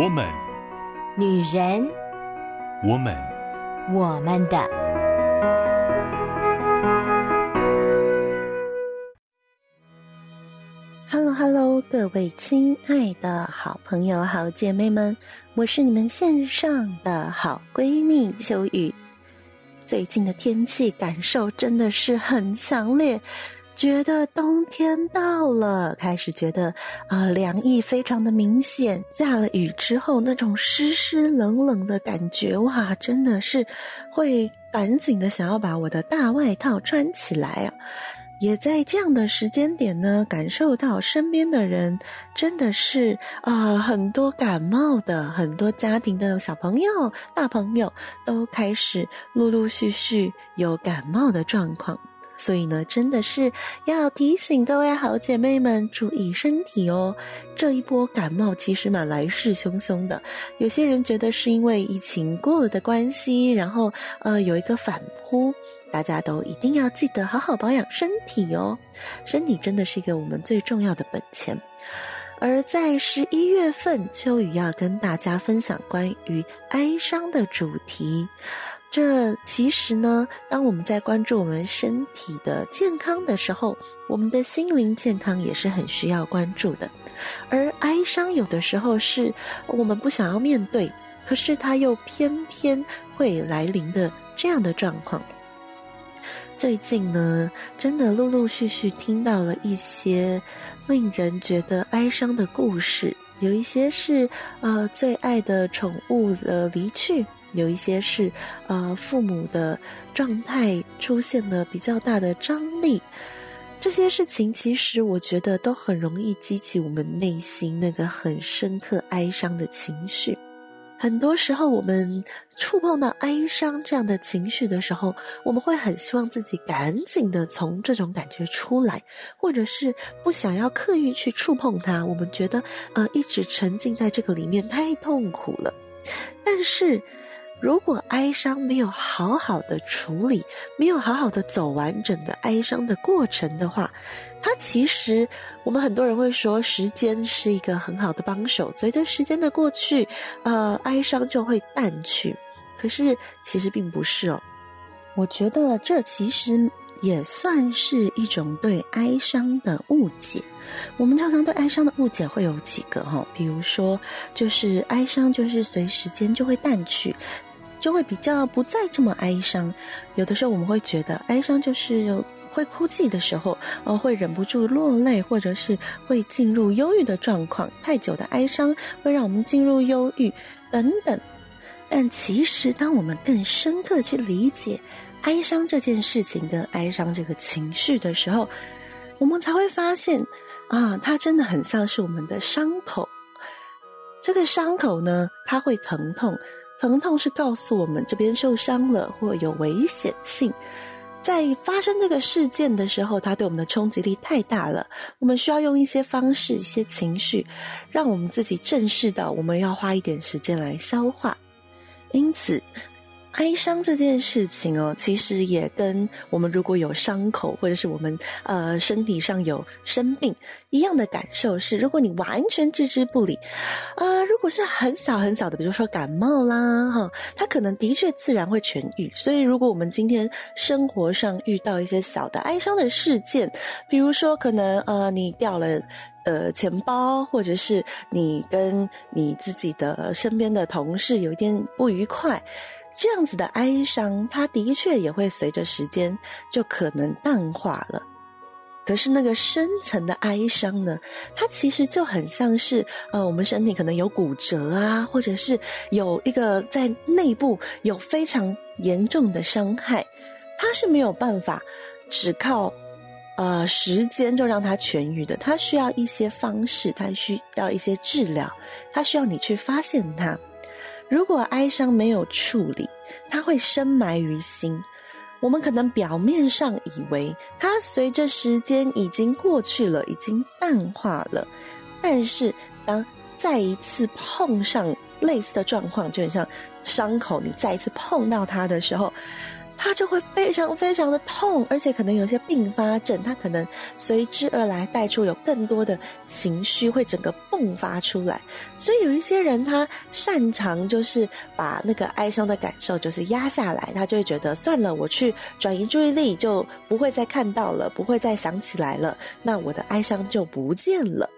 我們，Woman, 女人，我們，我們的。Hello，Hello，hello, 各位親愛的好朋友、好姐妹們，我是你們線上的好閨蜜秋雨。最近的天氣感受真的是很強烈。覺得冬天到了，開始覺得啊、呃，涼意非常的明顯。下了雨之後，那種濕濕冷冷的感覺，哇，真的是會趕緊的想要把我的大外套穿起來啊！也在這樣的時間點呢，感受到身邊的人真的是啊、呃，很多感冒的，很多家庭的小朋友、大朋友都開始陸陸續續有感冒的狀況。所以呢，真的是要提醒各位好姐妹們注意身體哦。這一波感冒其實蠻來勢洶洶的，有些人覺得是因為疫情過了的關係，然後呃有一個反撲，大家都一定要記得好好保養身體哦。身體真的是一個我們最重要的本錢。而在十一月份，秋雨要跟大家分享關於哀傷的主題。這其實呢，當我們在關注我們身體的健康的時候，我們的心靈健康也是很需要關注的。而哀傷有的時候是我們不想要面對，可是它又偏偏會來臨的這樣的狀況。最近呢，真的陸陸續續聽到了一些令人覺得哀傷的故事，有一些是呃最愛的寵物的呃離去。有一些是，呃，父母的狀態出現了比較大的張力，這些事情其實我覺得都很容易激起我們內心那個很深刻哀傷的情緒。很多時候，我們觸碰到哀傷這樣的情緒的時候，我們會很希望自己趕緊的從這種感覺出來，或者是不想要刻意去觸碰它。我們覺得，呃，一直沉浸在這個裡面太痛苦了，但是，如果哀傷沒有好好的處理，沒有好好的走完整個哀傷的過程的話，它其實我們很多人會說，時間是一個很好的幫手，隨着時間的過去，呃，哀傷就會淡去。可是其實並不是哦，我覺得這其實也算是一種對哀傷的誤解。我們常常對哀傷的誤解會有幾個哈、哦，比如說就是哀傷就是隨時間就會淡去。就會比較不再這麼哀傷，有的時候我們會覺得哀傷就是會哭泣的時候，呃，會忍不住落淚，或者是會進入憂鬱的狀況。太久的哀傷會讓我們進入憂鬱等等。但其實，當我們更深刻去理解哀傷這件事情跟哀傷這個情緒的時候，我們才會發現啊，它真的很像是我們的傷口。這個傷口呢，它會疼痛。疼痛是告訴我們這邊受傷了，或有危險性。在發生這個事件的時候，它對我們的衝擊力太大了，我們需要用一些方式、一些情緒，讓我們自己正視到，我們要花一點時間來消化。因此，哀傷這件事情哦，其實也跟我們如果有傷口，或者是我們呃身體上有生病一樣的感受是，如果你完全置之不理，呃，如果是很小很小的，比如說感冒啦哈，哦，它可能的確自然會痊癒。所以，如果我們今天生活上遇到一些小的哀傷的事件，比如說可能呃你掉了呃錢包，或者是你跟你自己的身邊的同事有一點不愉快。這樣子的哀傷，它的確也會隨着時間就可能淡化了。可是那個深層的哀傷呢，它其實就很像是呃，我們身體可能有骨折啊，或者是有一個在內部有非常嚴重的傷害，它是沒有辦法只靠呃時間就讓它痊癒的。它需要一些方式，它需要一些治療，它需要你去發現它。如果哀傷沒有處理，它會深埋於心。我們可能表面上以為它隨着時間已經過去了，已經淡化了。但是當再一次碰上類似的狀況，就很像傷口，你再一次碰到它的時候。他就會非常非常的痛，而且可能有些併發症，他可能隨之而來帶出有更多的情緒會整個迸發出來。所以有一些人他擅長就是把那個哀傷的感受就是壓下來，他就會覺得算了，我去轉移注意力就不會再看到了，不會再想起來了，那我的哀傷就不見了。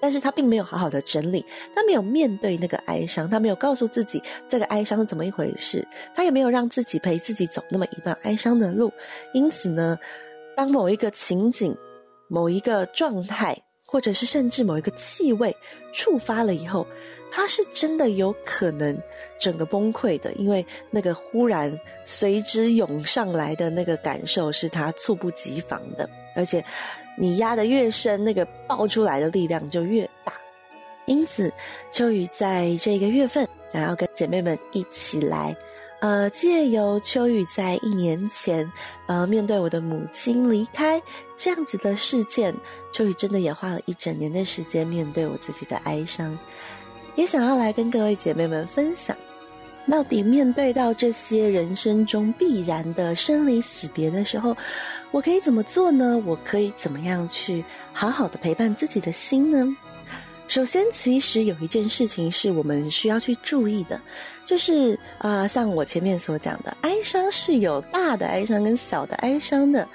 但是他並沒有好好的整理，他沒有面對那個哀傷，他沒有告訴自己這個哀傷是怎麼一回事，他也沒有讓自己陪自己走那麼一段哀傷的路。因此呢，當某一個情景、某一個狀態，或者是甚至某一個氣味觸發了以後，他是真的有可能整個崩潰的，因為那個忽然隨之湧上來的那個感受是他猝不及防的，而且。你壓得越深，那個爆出來的力量就越大。因此，秋雨在這個月份想要跟姐妹們一起來，呃，借由秋雨在一年前，呃，面對我的母親離開這樣子的事件，秋雨真的也花了一整年的時間面對我自己的哀傷，也想要來跟各位姐妹們分享。到底面對到這些人生中必然的生離死別的時候，我可以怎麼做呢？我可以怎麼樣去好好的陪伴自己的心呢？首先，其實有一件事情是我們需要去注意的，就是啊、呃，像我前面所講的，哀傷是有大的哀傷跟小的哀傷的。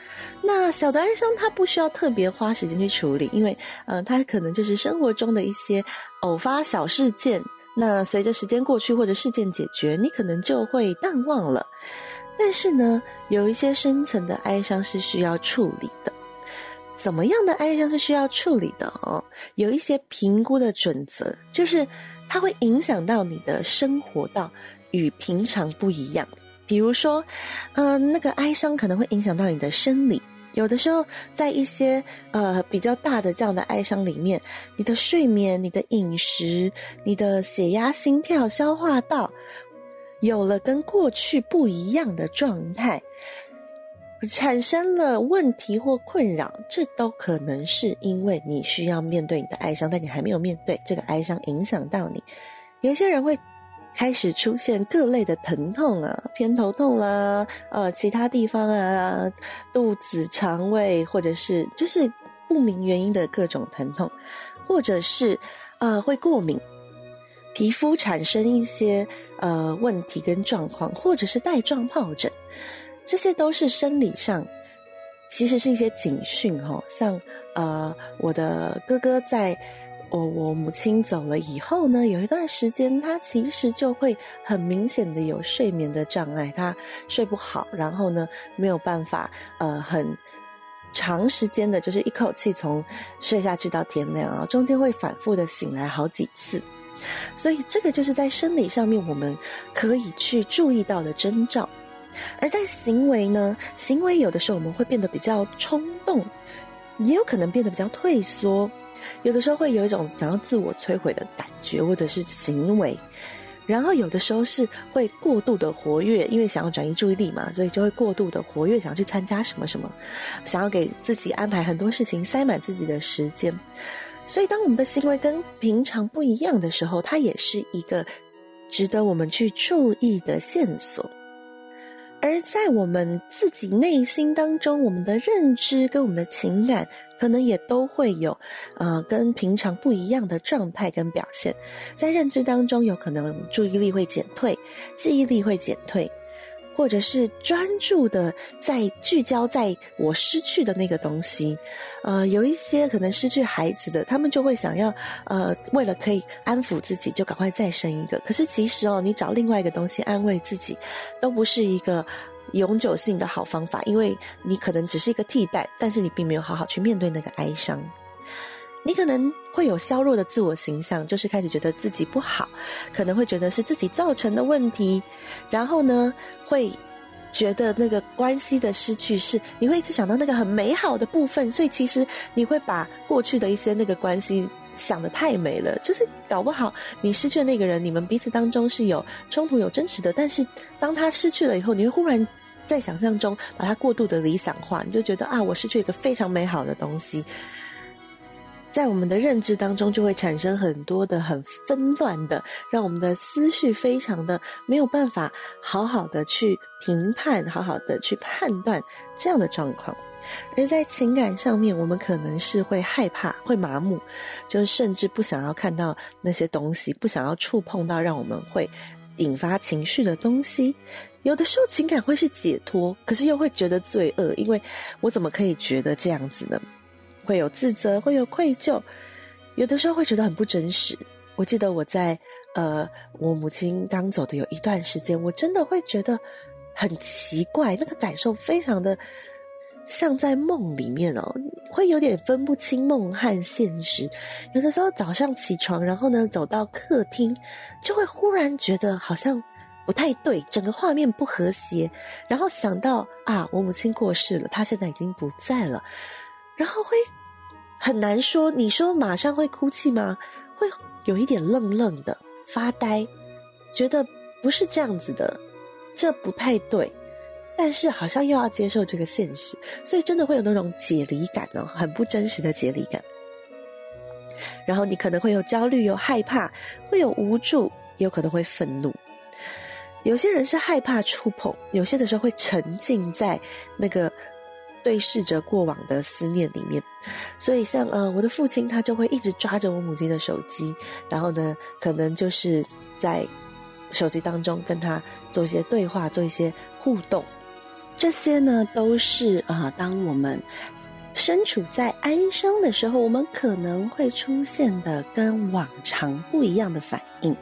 那小的哀傷，它不需要特別花時間去處理，因為嗯、呃，它可能就是生活中的一些偶發小事件。那隨着時間過去，或者事件解決，你可能就會淡忘了。但是呢，有一些深層的哀傷是需要處理的。怎麼樣的哀傷是需要處理的哦，有一些評估的準則，就是它會影響到你的生活，到與平常不一樣。比如說，嗯、呃、那個哀傷可能會影響到你的生理。有的時候，在一些呃比較大的這樣的哀傷裡面，你的睡眠、你的飲食、你的血壓、心跳、消化道，有了跟過去不一樣的狀態，產生了問題或困擾，這都可能是因為你需要面對你的哀傷，但你還沒有面對這個哀傷，影響到你。有些人會。開始出現各類的疼痛啊，偏頭痛啦、啊，呃，其他地方啊，肚子、腸胃，或者是就是不明原因的各種疼痛，或者是呃會過敏，皮膚產生一些呃問題跟狀況，或者是帶狀皰疹，這些都是生理上其實是一些警訊哈、哦，像呃我的哥哥在。我我母親走了以後呢，有一段時間，她其實就會很明顯的有睡眠的障礙，她睡不好，然後呢，沒有辦法，呃，很長時間的就是一口氣從睡下去到天亮啊，中間會反覆的醒來好幾次，所以這個就是在生理上面我們可以去注意到的徵兆，而在行為呢，行為有的時候我們會變得比較衝動，也有可能變得比較退縮。有的時候會有一種想要自我摧毀的感覺，或者是行為，然後有的時候是會過度的活躍，因為想要轉移注意力嘛，所以就會過度的活躍，想要去參加什麼什麼，想要給自己安排很多事情，塞滿自己的時間。所以，當我們的行為跟平常不一樣的時候，它也是一個值得我們去注意的線索。而在我們自己內心當中，我們的認知跟我們的情感，可能也都會有，呃，跟平常不一樣的狀態跟表現。在認知當中，有可能注意力會減退，記憶力會減退。或者是專注的在聚焦在我失去的那個東西，呃，有一些可能失去孩子的，他們就會想要，呃，為了可以安撫自己，就趕快再生一個。可是其實哦，你找另外一個東西安慰自己，都不是一個永久性的好方法，因為你可能只是一個替代，但是你並沒有好好去面對那個哀傷。你可能會有削弱的自我形象，就是開始覺得自己不好，可能會覺得是自己造成的問題，然後呢，會覺得那個關係的失去，是你會一直想到那個很美好的部分，所以其實你會把過去的一些那個關係想得太美了，就是搞不好你失去的那個人，你們彼此當中是有衝突、有爭執的，但是當他失去了以後，你會忽然在想象中把他過度的理想化，你就覺得啊，我失去一個非常美好的東西。在我們的認知當中，就會產生很多的很紛亂的，讓我們的思緒非常的沒有辦法好好的去評判，好好的去判斷這樣的狀況。而在情感上面，我們可能是會害怕，會麻木，就是甚至不想要看到那些東西，不想要觸碰到讓我們會引發情緒的東西。有的時候，情感會是解脫，可是又會覺得罪惡，因為我怎麼可以覺得這樣子呢？會有自責，會有愧疚，有的時候會覺得很不真實。我記得我在呃，我母親剛走的有一段時間，我真的會覺得很奇怪，那個感受非常的像在夢裡面哦，會有點分不清夢和現實。有的時候早上起床，然後呢，走到客廳，就會忽然覺得好像不太對，整個畫面不和諧，然後想到啊，我母親過世了，她現在已經不在了。然後會很難說，你說馬上會哭泣嗎？會有一點愣愣的發呆，覺得不是這樣子的，這不太對。但是好像又要接受這個現實，所以真的會有那種解離感哦，很不真實的解離感。然後你可能會有焦慮，有害怕，會有無助，也有可能會憤怒。有些人是害怕觸碰，有些的時候會沉浸在那個。對視着過往的思念裡面，所以像呃我的父親，他就會一直抓着我母親的手機，然後呢，可能就是在手機當中跟他做一些對話，做一些互動。這些呢，都是啊、呃，當我們身處在哀傷的時候，我們可能會出現的跟往常不一樣的反應。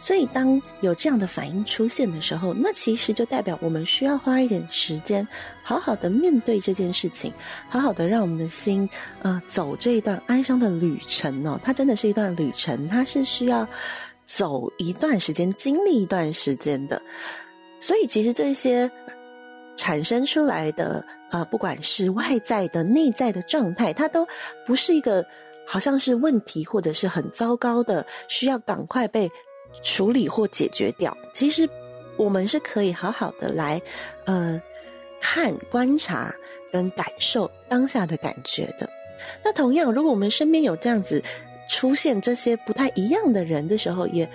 所以，當有這樣的反應出現的時候，那其實就代表我們需要花一點時間，好好的面對這件事情，好好的讓我們的心，呃，走這一段哀傷的旅程哦。它真的是一段旅程，它是需要走一段時間、經歷一段時間的。所以，其實這些產生出來的，呃，不管是外在的、內在的狀態，它都不是一個好像是問題或者是很糟糕的，需要趕快被。處理或解決掉，其實我們是可以好好的來，呃，看、觀察跟感受當下的感覺的。那同樣，如果我們身邊有這樣子出現這些不太一樣的人的時候，也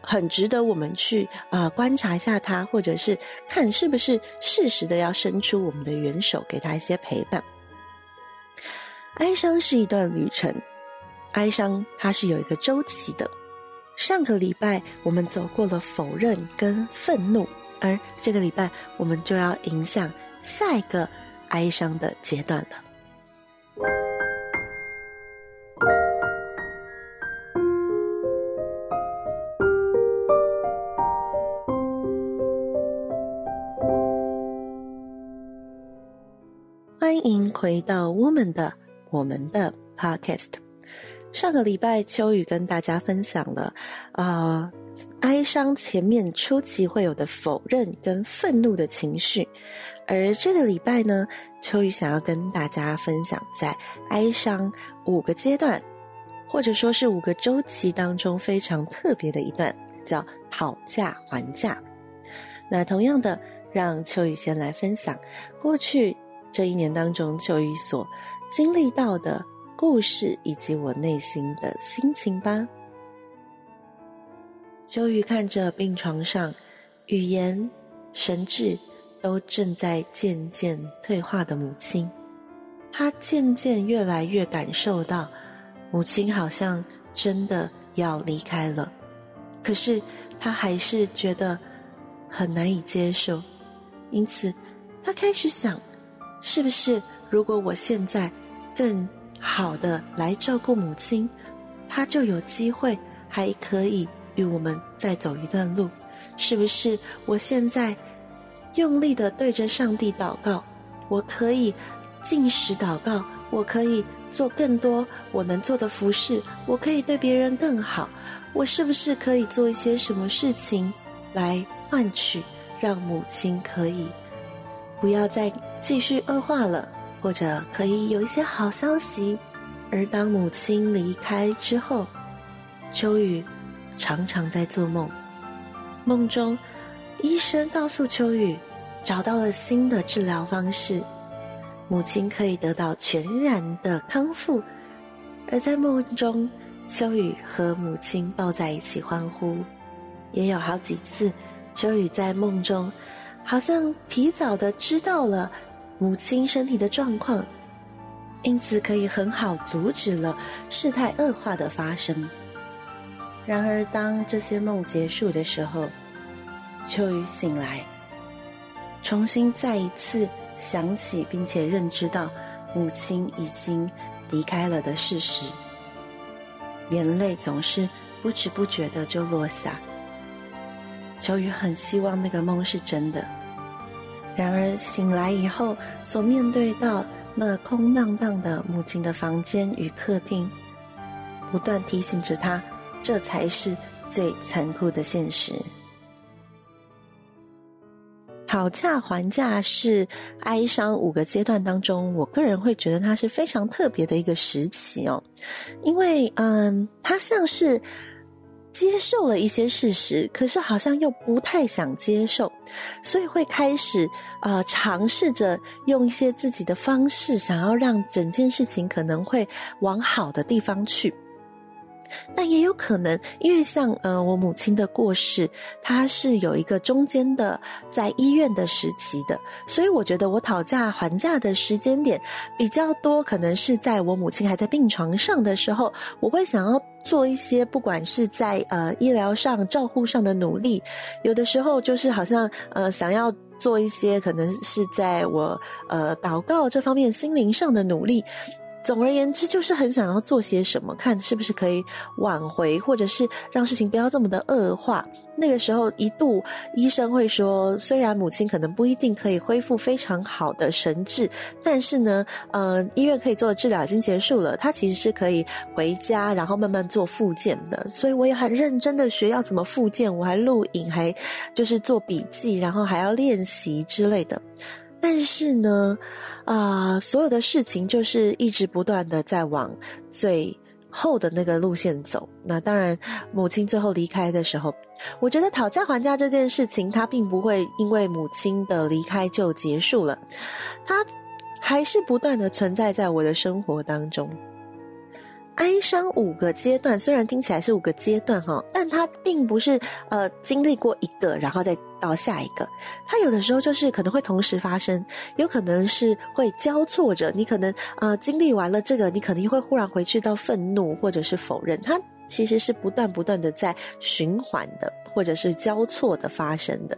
很值得我們去啊、呃、觀察一下他，或者是看是不是適時的要伸出我們的援手，給他一些陪伴。哀傷是一段旅程，哀傷它是有一個周期的。上個禮拜我們走過了否認跟憤怒，而這個禮拜我們就要迎向下一個哀傷的階段了。歡迎回到我們的我們的 podcast。上個禮拜，秋雨跟大家分享了，呃，哀傷前面初期會有的否認跟憤怒的情緒，而這個禮拜呢，秋雨想要跟大家分享在哀傷五個階段，或者說是五個週期當中非常特別的一段，叫討價還價。那同樣的，讓秋雨先來分享過去這一年當中秋雨所經歷到的。故事以及我內心的心情吧。秋雨看着病床上，語言、神智都正在漸漸退化的母親，他漸漸越來越感受到，母親好像真的要離開了。可是他還是覺得很難以接受，因此他開始想：是不是如果我現在更……好的，來照顧母親，她就有機會還可以與我們再走一段路，是不是？我現在用力的對着上帝禱告，我可以禁食禱告，我可以做更多我能做的服侍，我可以對別人更好，我是不是可以做一些什麼事情來換取讓母親可以不要再繼續惡化了？或者可以有一些好消息，而當母親離開之後，秋雨常常在做夢。夢中，醫生告訴秋雨，找到了新的治療方式，母親可以得到全然的康復。而在夢中，秋雨和母親抱在一起歡呼。也有好幾次，秋雨在夢中，好像提早地知道了。母親身體的狀況，因此可以很好阻止了事態惡化的發生。然而，當這些夢結束的時候，秋雨醒來，重新再一次想起並且認知到母親已經離開了的事實，眼淚總是不知不覺的就落下。秋雨很希望那個夢是真的。然而醒來以後，所面對到那空蕩蕩的母親的房間與客廳，不斷提醒着他，這才是最殘酷的現實。討價還價是哀傷五個階段當中，我個人會覺得它是非常特別的一個時期哦，因為嗯，它像是。接受了一些事實，可是好像又不太想接受，所以會開始啊，嘗試着用一些自己的方式，想要讓整件事情可能會往好的地方去。那也有可能，因為像呃我母親的過世，她是有一個中間的在醫院的時期的，所以我覺得我討價還價的時間點比較多，可能是在我母親還在病床上的時候，我會想要做一些不管是在呃醫療上照護上的努力，有的時候就是好像呃想要做一些可能是在我呃禱告這方面心靈上的努力。總而言之，就是很想要做些什麼，看是不是可以挽回，或者是讓事情不要這麼的惡化。那個時候，一度醫生會說，雖然母親可能不一定可以恢復非常好的神智，但是呢，嗯、呃，醫院可以做的治療已經結束了，她其實是可以回家，然後慢慢做復健的。所以我也很認真的學要怎麼復健，我還錄影，還就是做筆記，然後還要練習之類的。但是呢，啊、呃，所有的事情就是一直不斷的在往最後的那個路線走。那當然，母親最後離開的時候，我覺得討價還價這件事情，它並不會因為母親的離開就結束了，它還是不斷的存在在我的生活當中。哀傷五個階段，雖然聽起來是五個階段哈，但它並不是呃經歷過一個，然後再到下一個。它有的時候就是可能會同時發生，有可能是會交錯着。你可能呃經歷完了這個，你可能又會忽然回去到憤怒或者是否認。它其實是不斷不斷的在循環的，或者是交錯的發生的。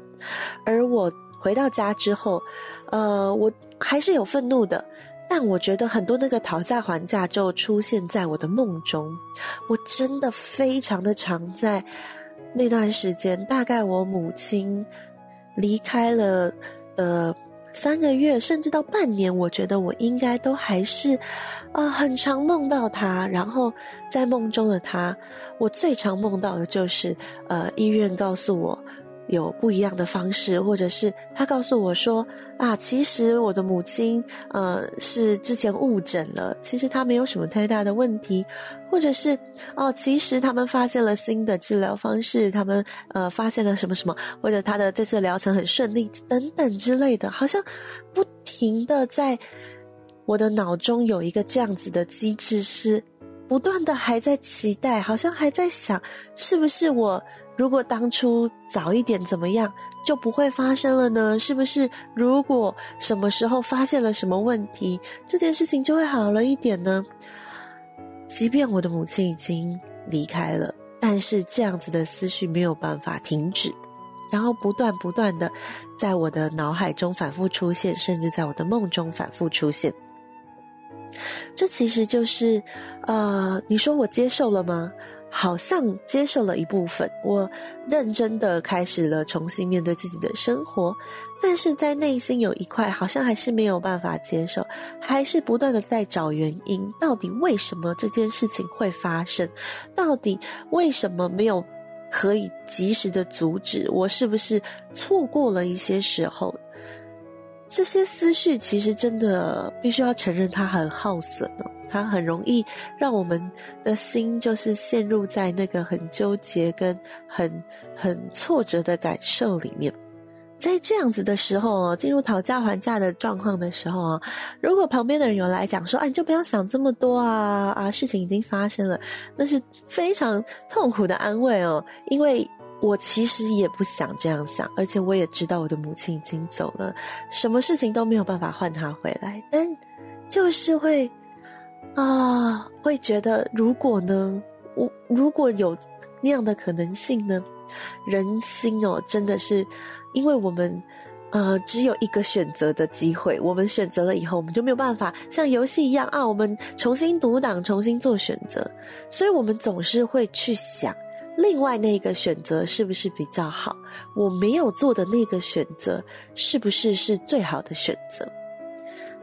而我回到家之後，呃，我還是有憤怒的。但我覺得很多那個討價還價就出現在我的夢中，我真的非常的常在那段時間，大概我母親離開了呃三個月，甚至到半年，我覺得我應該都還是呃很常夢到她。然後在夢中的她，我最常夢到的就是呃醫院告訴我，有不一樣的方式，或者是他告訴我說啊，其實我的母親，呃，是之前誤診了，其實她沒有什麼太大的問題，或者是哦，其實他們發現了新的治療方式，他們呃發現了什麼什麼，或者他的這次療程很順利等等之類的。好像不停的在我的腦中有一個這樣子的機制，是不斷的還在期待，好像還在想是不是我，如果當初早一點怎麼樣，就不會發生了呢？是不是？如果什麼時候發現了什麼問題，這件事情就會好了一點呢？即便我的母親已經離開了，但是這樣子的思緒沒有辦法停止，然後不斷不斷的在我的腦海中反復出現，甚至在我的夢中反復出現。這其實就是，呃，你說我接受了嗎？好像接受了一部分，我認真的開始了重新面對自己的生活，但是在內心有一塊好像還是沒有辦法接受，還是不斷的在找原因，到底為什麼這件事情會發生？到底為什麼沒有可以及時的阻止？我是不是錯過了一些時候？這些思緒其實真的必須要承認，它很耗損哦，它很容易讓我們的心就是陷入在那個很糾結、跟很很挫折的感受裡面。在這樣子的時候哦，進入討價還價的狀況的時候，如果旁邊的人有來講說：“啊，你就不要想這麼多啊啊，事情已經發生了。”那是非常痛苦的安慰哦，因為。我其實也不想這樣想，而且我也知道我的母親已經走了，什麼事情都沒有辦法換她回來。但就是會啊、呃，會覺得如果呢，我如果有那樣的可能性呢，人心哦，真的是因為我們呃只有一個選擇的機會，我們選擇了以後，我們就沒有辦法像遊戲一樣啊，我們重新讀檔，重新做選擇。所以，我們總是會去想。另外那個選擇是不是比較好？我沒有做的那個選擇是不是是最好的選擇？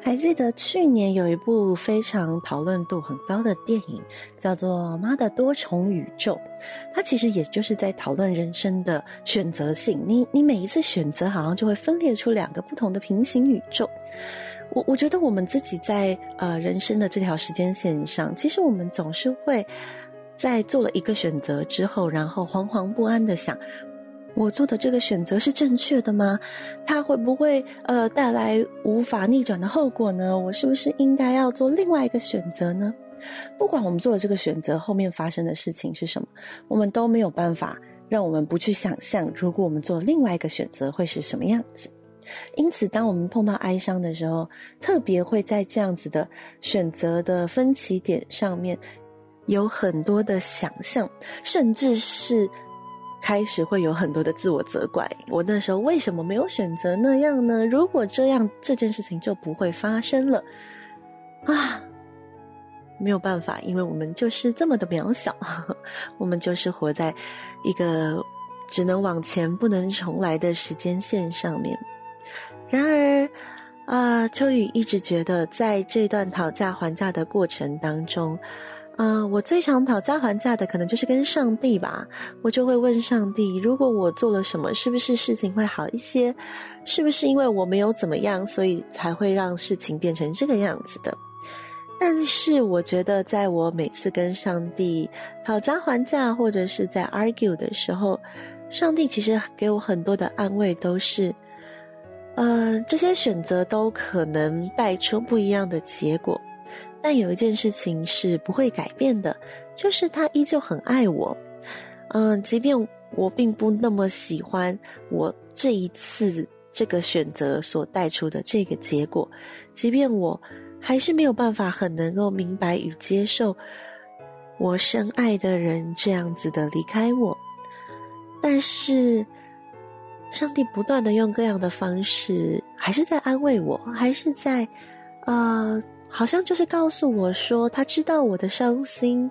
還記得去年有一部非常討論度很高的電影，叫做《媽的多重宇宙》。它其實也就是在討論人生的選擇性。你你每一次選擇，好像就會分裂出兩個不同的平行宇宙。我我覺得我們自己在呃人生的這條時間線上，其實我們總是會。在做了一個選擇之後，然後惶惶不安地想：我做的這個選擇是正確的嗎？它會不會呃帶來無法逆轉的後果呢？我是不是應該要做另外一個選擇呢？不管我們做了這個選擇，後面發生的事情是什麼，我們都沒有辦法讓我們不去想象，如果我們做另外一個選擇會是什麼樣子。因此，當我們碰到哀傷的時候，特別會在這樣子的選擇的分歧點上面。有很多的想象，甚至是開始會有很多的自我責怪。我那時候為什麼沒有選擇那樣呢？如果這樣，這件事情就不會發生了啊！沒有辦法，因為我們就是這麼的渺小，我們就是活在一個只能往前不能重來的時間線上面。然而，啊、呃，秋雨一直覺得，在這段討價還價的過程當中，啊、呃，我最常討價還價的可能就是跟上帝吧，我就會問上帝：如果我做了什麼，是不是事情會好一些？是不是因為我沒有怎麼樣，所以才會讓事情變成這個樣子的？但是我覺得，在我每次跟上帝討價還價或者是在 argue 的時候，上帝其實給我很多的安慰，都是：呃，這些選擇都可能帶出不一樣的結果。但有一件事情是不會改變的，就是他依舊很愛我。嗯、呃，即便我並不那麼喜歡我這一次這個選擇所帶出的這個結果，即便我還是沒有辦法很能夠明白與接受我深愛的人這樣子的離開我，但是上帝不斷地用各樣的方式，還是在安慰我，還是在呃。好像就是告訴我說，他知道我的傷心，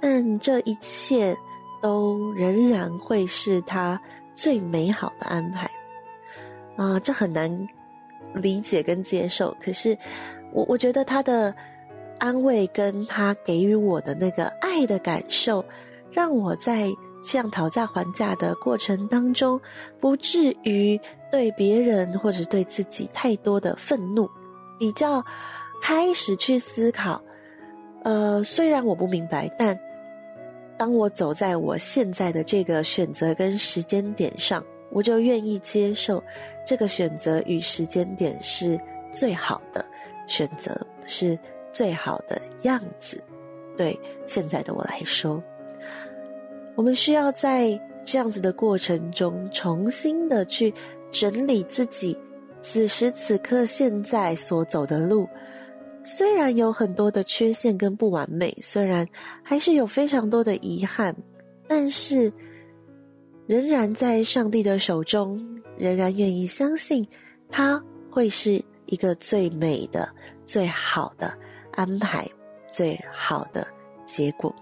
但這一切都仍然會是他最美好的安排。啊、呃，這很難理解跟接受。可是我，我我覺得他的安慰跟他給予我的那個愛的感受，讓我在這樣討價還價的過程當中，不至於對別人或者對自己太多的憤怒，比較。開始去思考，呃，雖然我不明白，但當我走在我現在的這個選擇跟時間點上，我就願意接受這個選擇與時間點是最好的選擇，是最好的樣子，對現在的我來說，我們需要在這樣子的過程中，重新的去整理自己此時此刻現在所走的路。雖然有很多的缺陷跟不完美，雖然還是有非常多的遺憾，但是仍然在上帝的手中，仍然願意相信他會是一個最美的、最好的安排、最好的結果。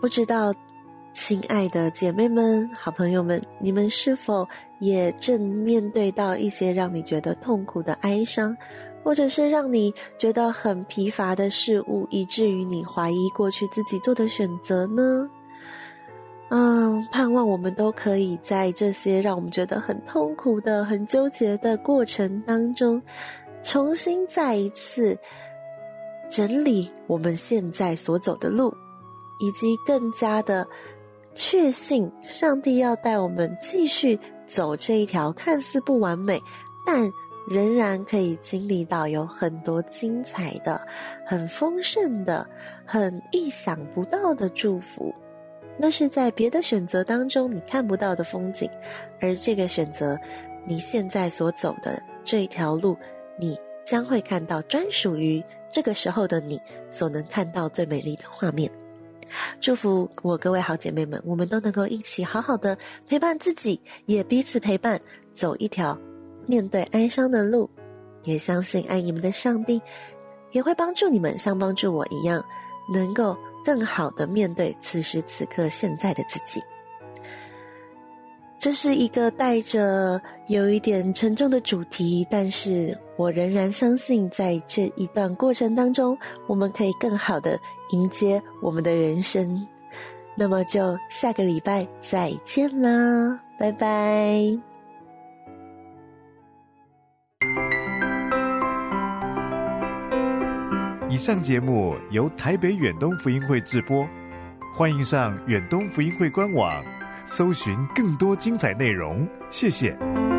不知道。親愛的姐妹們、好朋友們，你們是否也正面對到一些讓你覺得痛苦的哀傷，或者是讓你覺得很疲乏的事物，以至於你懷疑過去自己做的選擇呢？嗯，盼望我們都可以在這些讓我們覺得很痛苦的、很糾結的過程當中，重新再一次整理我們現在所走的路，以及更加的。確信上帝要帶我們繼續走這一條看似不完美，但仍然可以經歷到有很多精彩的、很豐盛的、很意想不到的祝福。那是在別的選擇當中你看不到的風景，而這個選擇，你現在所走的這一條路，你將會看到專屬於這個時候的你所能看到最美麗的畫面。祝福我各位好姐妹們，我們都能夠一起好好的陪伴自己，也彼此陪伴，走一條面對哀傷的路。也相信愛你們的上帝，也會幫助你們像幫助我一樣，能夠更好的面對此時此刻現在的自己。這是一個帶着有一點沉重的主題，但是我仍然相信，在這一段過程當中，我們可以更好的。迎接我們的人生，那麼就下個禮拜再見啦，拜拜！以上節目由台北遠東福音會直播，歡迎上遠東福音會官網，搜尋更多精彩內容，謝謝。